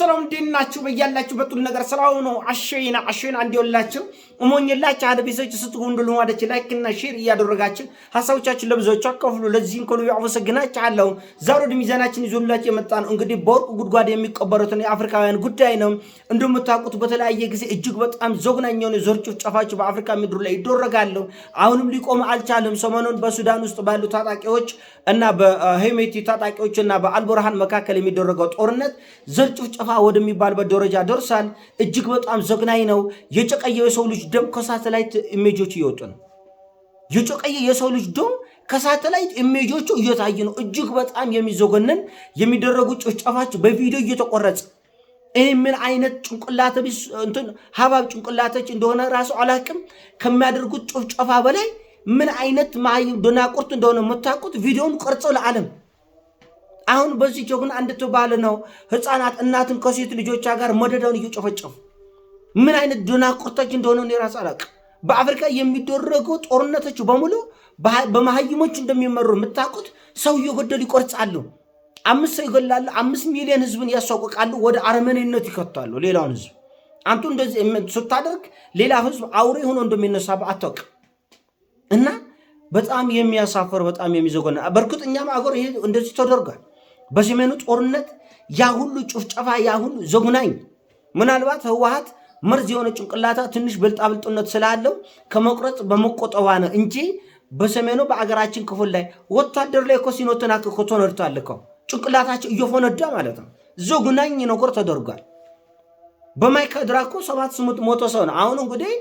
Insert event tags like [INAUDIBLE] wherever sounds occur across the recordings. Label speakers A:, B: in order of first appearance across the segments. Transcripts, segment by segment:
A: ሰላም እንዴት ናችሁ? በያላችሁበት ሁሉ ነገር ሰላም ነው። አሸይና አሸይና እንዲወላችሁ እሞኝላችሁ አድቤሶች ስትሆኑ ሁሉ ማለት ላይክ እና ሼር እያደረጋችሁ ሀሳቦቻችሁን ለብዙዎች አካፍሉ። ለዚህም ሁሉ አመሰግናችኋለሁ። ዛሬ ወደ ሚዛናችን ይዞላችሁ የመጣ ነው እንግዲህ በወርቅ ጉድጓድ የሚቀበሩትን የአፍሪካውያን ጉዳይ ነው። እንደምታውቁት በተለያየ ጊዜ እጅግ በጣም ዘግናኝ የሆነ የዘር ጭፍጨፋዎች በአፍሪካ ምድር ላይ ይደረጋሉ። አሁንም ሊቆም አልቻለም። ሰሞኑን በሱዳን ውስጥ ባሉ ታጣቂዎች እና በሄሜቲ ታጣቂዎች እና በአልቡርሃን መካከል የሚደረገው ጦርነት ዘር ጭፍጨፋ ጠፋ ወደሚባልበት ደረጃ ደርሳል። እጅግ በጣም ዘግናኝ ነው። የጨቀየ የሰው ልጅ ደም ከሳተላይት ኢሜጆች እየወጡ ነው። የጨቀየ የሰው ልጅ ደም ከሳተላይት ኢሜጆቹ እየታየ ነው። እጅግ በጣም የሚዘገንን የሚደረጉ ጭፍጨፋች በቪዲዮ እየተቆረጸ ይህ ምን አይነት ጭንቅላተ ቢስ ሀባብ ጭንቅላቶች እንደሆነ ራሱ አላቅም። ከሚያደርጉት ጭፍጨፋ በላይ ምን አይነት ማይ ደናቁርት እንደሆነ የምታውቁት ቪዲዮን ቀርጸው ለዓለም አሁን በዚህ ጀግና እንድትባል ነው ህፃናት እናትን ከሴት ልጆቿ ጋር መደዳውን እየጨፈጨፉ ምን አይነት ድናቁርቶች እንደሆነ እኔ ራሴ አላቅም። በአፍሪካ የሚደረጉ ጦርነቶች በሙሉ በመሀይሞች እንደሚመሩ የምታውቁት ሰው እየገደሉ ይቆርጻሉ። አምስት ሰው ይገላሉ። አምስት ሚሊዮን ህዝብን ያስዋቁቃሉ፣ ወደ አረመኔነት ይከታሉ ሌላውን ህዝብ። አንቱ እንደዚህ ስታደርግ ሌላ ህዝብ አውሬ ሆኖ እንደሚነሳ አታውቅም እና በጣም የሚያሳፈር በጣም የሚዘጎና በእርግጥ እኛም አገር ይሄ እንደዚህ ተደርጓል። በሰሜኑ ጦርነት ያ ሁሉ ጭፍጨፋ፣ ያ ሁሉ ዘጉናኝ ምናልባት ህወሓት መርዝ የሆነ ጭንቅላታ ትንሽ ብልጣብልጥነት ስላለው ከመቁረጥ በመቆጠባ ነው እንጂ በሰሜኑ በአገራችን ክፍል ላይ ወታደር ላይ እኮ ሲኖተናክኮ ተነድቷል እኮ ጭንቅላታቸው እየፈነዳ ማለት ነው። ዘጉናኝ ነገር ተደርጓል። በማይካድራ እኮ ሰባት ስምንት ሞቶ ሰው ነው። አሁን እንግዲህ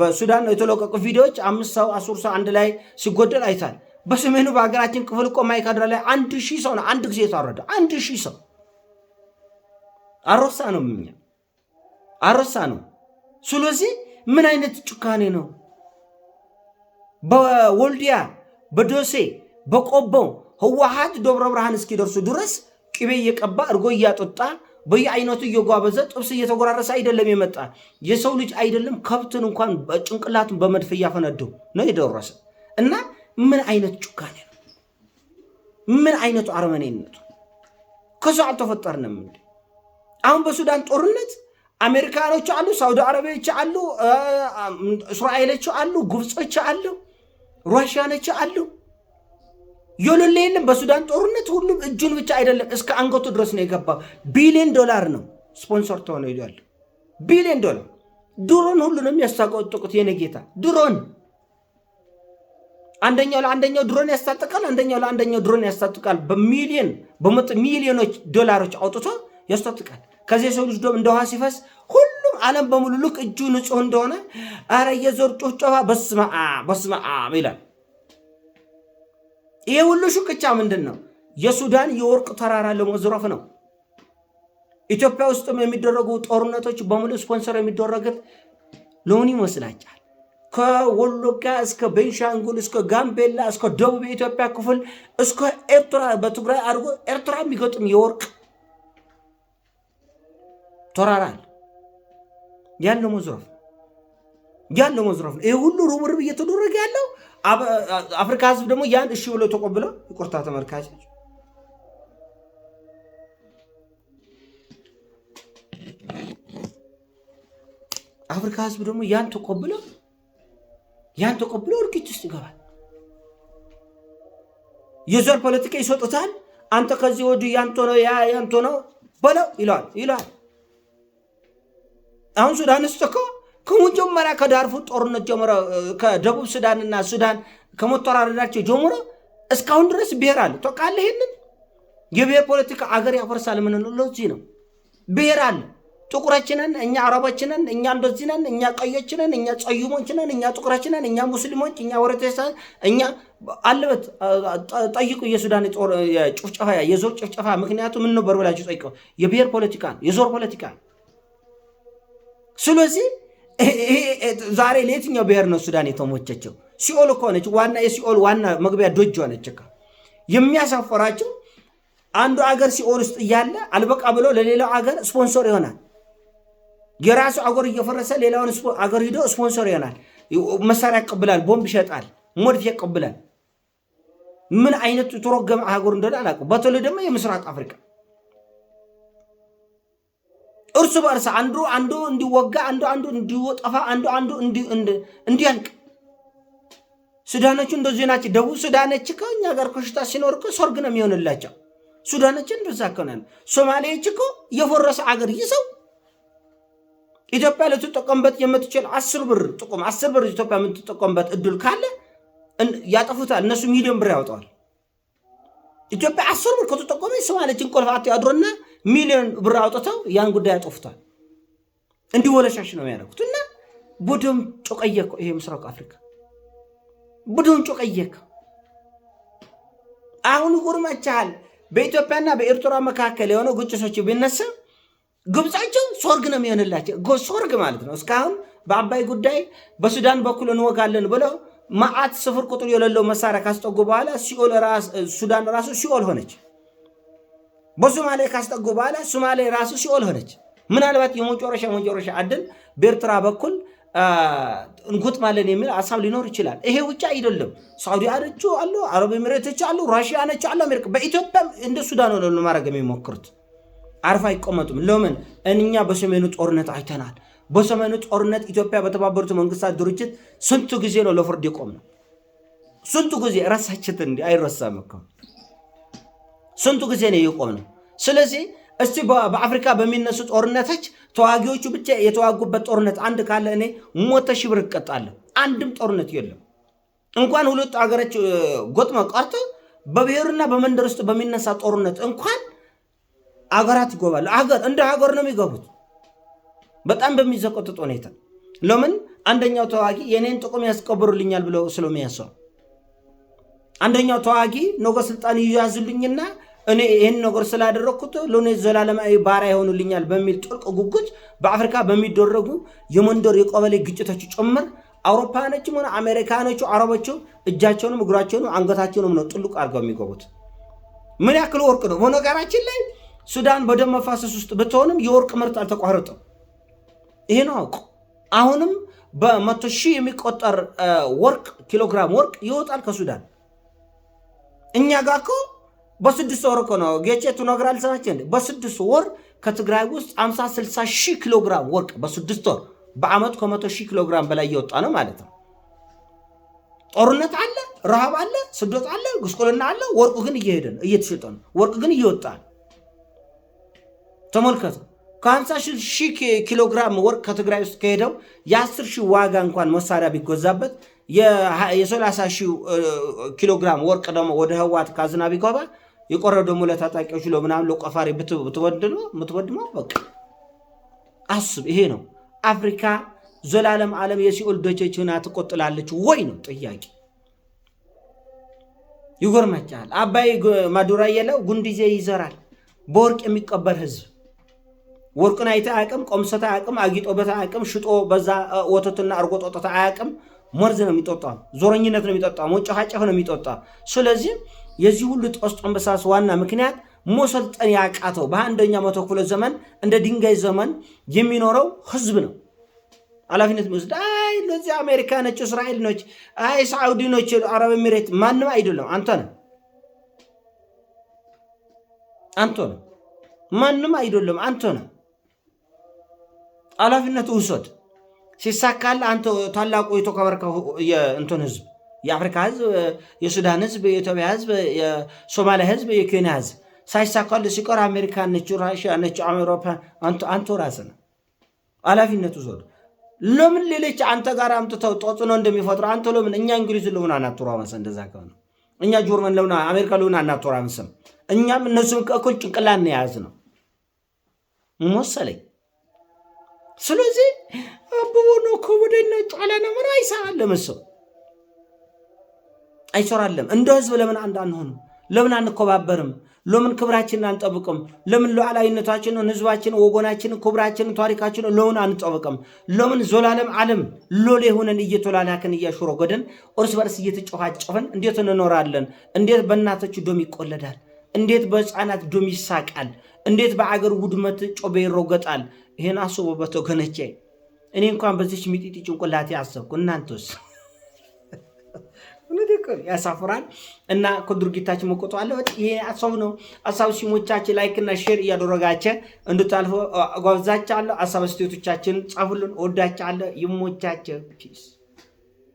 A: በሱዳን የተለቀቁ ቪዲዮዎች አምስት ሰው አስር ሰው አንድ ላይ ሲጎደል አይታል። በሰሜኑ በሀገራችን ክፍል እኮ ማይካድራ ላይ አንድ ሺህ ሰው ነው አንድ ጊዜ ታረደ። አንድ ሺህ ሰው አሮሳ ነው ምኛ አሮሳ ነው። ስለዚህ ምን አይነት ጭካኔ ነው? በወልዲያ በዶሴ በቆቦ ህወሓት ደብረ ብርሃን እስኪደርሱ ድረስ ቅቤ እየቀባ እርጎ እያጠጣ በየአይነቱ እየጓበዘ ጥብስ እየተጎራረሰ አይደለም የመጣ የሰው ልጅ አይደለም ከብትን እንኳን ጭንቅላቱን በመድፍ እያፈነደው ነው የደረሰ እና ምን አይነት ጭካኔ ነው? ምን አይነቱ አረመኔነቱ? ከሱ አልተፈጠርንም እንዴ? አሁን በሱዳን ጦርነት አሜሪካኖች አሉ፣ ሳውዲ አረቢያዎች አሉ፣ እስራኤሎች አሉ፣ ግብጾች አሉ፣ ሩሽያኖች አሉ። የሌለ የለም። በሱዳን ጦርነት ሁሉም እጁን ብቻ አይደለም እስከ አንገቱ ድረስ ነው የገባው። ቢሊዮን ዶላር ነው ስፖንሰር ተሆነ ሄዷል። ቢሊዮን ዶላር ድሮን ሁሉንም ያሳቆጥቁት የኔ ጌታ ድሮን አንደኛው ለአንደኛው ድሮን ያስታጥቃል፣ አንደኛው ለአንደኛው ድሮን ያስታጥቃል። በሚሊዮን በመቶ ሚሊዮኖች ዶላሮች አውጥቶ ያስታጥቃል። ከዚህ የሰው ልጅ ደም እንደ ውሃ ሲፈስ ሁሉም ዓለም በሙሉ ልክ እጁ ንጹህ እንደሆነ አረ የዞር ጭፍጨፋ በስመ አብ በስመ አብ ይላል። ይሄ ሁሉ ሹክቻ ምንድን ነው? የሱዳን የወርቅ ተራራ ለመዝረፍ ነው። ኢትዮጵያ ውስጥም የሚደረጉ ጦርነቶች በሙሉ ስፖንሰር የሚደረግት ለምን ይመስላችኋል? ከወሎጋ እስከ ቤንሻንጉል እስከ ጋምቤላ እስከ ደቡብ የኢትዮጵያ ክፍል እስከ ኤርትራ በትግራይ አድርጎ ኤርትራ የሚገጥም የወርቅ ተራራል ያለው መዝረፍ ያለው መዝረፍ ነው። ይህ ሁሉ ርብርብ እየተደረገ ያለው አፍሪካ ህዝብ ደግሞ ያን እሺ ብሎ ተቆብለው ይቁርታ ተመልካቾች አፍሪካ ህዝብ ደግሞ ያን ተቆብለው ያን ተቀብሎ እልቂት ውስጥ ይገባል። የዘር ፖለቲካ ይሰጡታል። አንተ ከዚህ ወዲህ ያንተ ነው ያ ያንተ ነው በለው ይለዋል ይለዋል። አሁን ሱዳን ውስጥ እኮ ከመጀመሪያ ከዳርፉ ጦርነት ጀምሮ ከደቡብ ሱዳንና ሱዳን ከመተራረዳቸው ጀምሮ እስካሁን ድረስ ብሔር አለ። ተቃለ ይህንን የብሔር ፖለቲካ አገር ያፈርሳል። ምን ለዚህ ነው ብሔር አለ ጥቁሮችንን እኛ አረቦችንን እኛ እንደዚህነን እኛ ቀዮችንን እኛ ጸዩሞችንን እኛ ጥቁሮችንን እኛ ሙስሊሞች እኛ ፕሮቴስታንት እኛ አለበት ጠይቁ። የሱዳን ጭፍጨፋ የዞር ጭፍጨፋ ምክንያቱ ምን ነበር ብላችሁ ጠይቀው። የብሔር ፖለቲካ የዞር ፖለቲካ ስለዚህ ዛሬ ለየትኛው ብሔር ነው ሱዳን የተሞቸቸው? ሲኦል እኮ ነች። ዋና የሲኦል ዋና መግቢያ ዶጅ ሆነች። የሚያሳፈራቸው አንዱ አገር ሲኦል ውስጥ እያለ አልበቃ ብሎ ለሌላው አገር ስፖንሰር ይሆናል። የራሱ አገር እየፈረሰ ሌላውን አገር ሂዶ ስፖንሰር ይሆናል። መሳሪያ ያቀብላል፣ ቦምብ ይሸጣል፣ ሞድፍ ያቀብላል። ምን አይነት የተረገመ አገር እንደሆነ አላውቅም። በተለይ ደግሞ የምስራቅ አፍሪካ እርሱ በእርስ አንዱ አንዱ እንዲወጋ አንዱ አንዱ እንዲወጠፋ አንዱ አንዱ እንዲያልቅ ሱዳኖቹ እንደዚህ ናቸው። ደቡብ ሱዳኖች ከኛ ጋር ኮሽታ ሲኖር ሰርግ ነው የሚሆንላቸው። ሱዳኖች እንደዛ ከሆነ ሶማሌዎች እኮ የፈረሰ አገር ይሰው ኢትዮጵያ ልትጠቀምበት የምትችል አስር ብር ጥቁም አስር ብር ኢትዮጵያ የምትጠቀምበት እድል ካለ ያጠፉታል። እነሱ ሚሊዮን ብር ያወጣዋል። ኢትዮጵያ አስር ብር ከተጠቀመ የሶማሌችን ቆልፍ ያድሮና ሚሊዮን ብር አውጥተው ያን ጉዳይ ያጠፉታል። እንዲወለሻሽ ነው የሚያደርጉት። እና ቡድም ጮቀየከ ይሄ ምስራቅ አፍሪካ ቡድም ጮቀየከ። አሁን ጉርመቻል። በኢትዮጵያና በኤርትራ መካከል የሆነ ግጭቶች ቢነሳ ግብጻቸው ሶርግ ነው የሚሆንላቸው። ሶርግ ማለት ነው። እስካሁን በአባይ ጉዳይ በሱዳን በኩል እንወጋለን ብለው መዓት ስፍር ቁጥር የሌለው መሳሪያ ካስጠጉ በኋላ ሱዳን ራሱ ሲኦል ሆነች። በሶማሌ ካስጠጉ በኋላ ሶማሌ ራሱ ሲኦል ሆነች። ምናልባት የመጨረሻ መጨረሻ አድል በኤርትራ በኩል እንጎጥማለን የሚል ሀሳብ ሊኖር ይችላል። ይሄ ውጭ አይደለም። ሳዑዲ አረቹ አሉ፣ አረብ ኤሚሬቶች አሉ፣ ራሽያ ነች አሉ፣ አሜሪካ በኢትዮጵያ እንደ ሱዳን ሆነ ማድረግ የሚሞክሩት አርፋ አይቀመጡም። ለምን? እኛ በሰሜኑ ጦርነት አይተናል። በሰሜኑ ጦርነት ኢትዮጵያ በተባበሩት መንግስታት ድርጅት ስንቱ ጊዜ ነው ለፍርድ ይቆም ነው? ስንቱ ጊዜ ረሳችት? እንዲ አይረሳም እኮ ስንቱ ጊዜ ነው ይቆም ነው። ስለዚህ እስቲ በአፍሪካ በሚነሱ ጦርነቶች ተዋጊዎቹ ብቻ የተዋጉበት ጦርነት አንድ ካለ እኔ ሞተ ሺህ ብር እቀጣለሁ። አንድም ጦርነት የለም። እንኳን ሁለቱ ሀገሮች ጎጥመው ቀርቶ በብሔርና በመንደር ውስጥ በሚነሳ ጦርነት እንኳን አገራት ይጎባሉ። አገር እንደ ሀገር ነው የሚገቡት በጣም በሚዘቆጥጥ ሁኔታ። ለምን አንደኛው ተዋጊ የኔን ጥቅም ያስቀብሩልኛል ብለው ስለሚያሰው፣ አንደኛው ተዋጊ ነገ ስልጣን ይያዙልኝና እኔ ይህን ነገር ስላደረግኩት ለእኔ ዘላለማዊ ባሪያ ይሆኑልኛል በሚል ጥልቅ ጉጉት በአፍሪካ በሚደረጉ የመንደር የቀበሌ ግጭቶች ጭምር አውሮፓውያኖችም ሆነ አሜሪካኖቹ አረቦቹ እጃቸውንም እግራቸውንም አንገታቸውንም ነው ጥልቅ አድርገው የሚገቡት። ምን ያክል ወርቅ ነው በነገራችን ላይ ሱዳን በደም መፋሰስ ውስጥ ብትሆንም የወርቅ ምርት አልተቋረጠም። ይሄ ነው አውቁ። አሁንም በመቶ ሺህ የሚቆጠር ወርቅ ኪሎግራም ወርቅ ይወጣል ከሱዳን። እኛ ጋር እኮ በስድስት ወር እኮ ነው ጌቼ ትነግር አልሰራችን። በስድስት ወር ከትግራይ ውስጥ 50 60 ሺህ ኪሎግራም ወርቅ በስድስት ወር በአመት ከመቶ ሺህ ኪሎግራም በላይ እየወጣ ነው ማለት ነው። ጦርነት አለ፣ ረሃብ አለ፣ ስደት አለ፣ ጉስቁልና አለ። ወርቁ ግን እየሄደ ነው፣ እየተሸጠ ነው። ወርቅ ግን እየወጣ ነው። ተመልከቱ። ከ50 ሺህ ኪሎ ግራም ወርቅ ከትግራይ ውስጥ ከሄደው የ10 ሺህ ዋጋ እንኳን መሳሪያ ቢጎዛበት የ30 ሺህ ኪሎ ግራም ወርቅ ደግሞ ወደ ህዋት ካዝና ቢገባ የቆረው ደግሞ ለታጣቂዎች ለምናምን ለቆፋሪ ምትወድመ በቃ አስብ። ይሄ ነው አፍሪካ ዘላለም ዓለም የሲኦል ደጆች ትቆጥላለች ወይ ነው ጥያቄ። ይጎርመቻል። አባይ ማዱራ የለው ጉንድዜ ይዘራል በወርቅ የሚቀበር ህዝብ ወርቅን አይተ አያውቅም፣ ቆምሰተ አያውቅም፣ አጊጦበት አያውቅም፣ ሽጦ በዛ ወተትና እርጎ ጦጦተ አያውቅም። መርዝ ነው የሚጠጣ፣ ዞረኝነት ነው የሚጠጣ፣ ሞጨፋጨፍ ነው የሚጠጣ። ስለዚህ የዚህ ሁሉ ጦስ በሳስ ዋና ምክንያት መሰልጠን ያቃተው በአንደኛ መቶ ክፍለ ዘመን እንደ ድንጋይ ዘመን የሚኖረው ህዝብ ነው። ኃላፊነት ሚወስድ አይ እነዚህ አሜሪካኖች፣ እስራኤልኖች፣ አይ ነች፣ አረብ ኤሚሬት ማንም አይደለም። አንተ ነው አንተ ነው ማንም አይደለም። አንተ ነው ኃላፊነቱ ውሰድ። ሲሳካል አንተ ታላቁ የተከበርከ እንትን ህዝብ የአፍሪካ ህዝብ፣ የሱዳን ህዝብ፣ የኢትዮጵያ ህዝብ፣ የሶማሊያ ህዝብ፣ የኬንያ ህዝብ ሳይሳካል ሲቀር አሜሪካ ነች፣ ራሽያ ነች፣ አውሮፓ አንተ ራስ ነው። ኃላፊነቱ ውሰድ። ለምን ሌሎች አንተ ጋር አምጥተው ተጽዕኖ እንደሚፈጥሩ አንተ ለምን እኛ እንግሊዝ ለሆን መሰ እንደዛ ከሆነ እኛ ጆርመን ለሆን አሜሪካ ለሆን አናተራምስም። እኛም እነሱም ከእኩል እኩል ጭንቅላት ነው የያዝነው መሰለኝ። ስለዚህ አብቦኖ ከወደነ ጫለነ ምን አይሰራለም ሰው አይሰራለም። እንደ ህዝብ ለምን አንድ አንሆንም? ለምን አንከባበርም? ለምን ክብራችንን አንጠብቅም? ለምን ሉዓላዊነታችንን፣ ህዝባችንን፣ ወገናችንን፣ ክብራችንን፣ ታሪካችንን ለምን አንጠብቅም? ለምን ዘላለም ዓለም ሎሌ ሆነን እየተላላክን እያሾረጎደን እርስ በርስ እየተጨፋጨፍን እንዴት እንኖራለን? እንዴት በእናቶች ዶም ይቆለዳል? እንዴት በህፃናት ዱም ይሳቃል? እንዴት በአገር ውድመት ጮቤ ይሮገጣል? ይህን አስቦበት ወገኖቼ፣ እኔ እንኳን በዚች ሚጢጢ ጭንቅላቴ አሰብኩ። እናንተስ? [LAUGHS] ያሳፍራል። እና ከድርጊታችን አለ። ይሄ አሳብ ነው። አሳብ ሲሞቻችን እና ሼር እያደረጋቸ እንድታልፎ ጓብዛቻለሁ። አሳብ ስቴቶቻችን ጻፉልን። ወዳቻለሁ። ይሞቻቸው ፒስ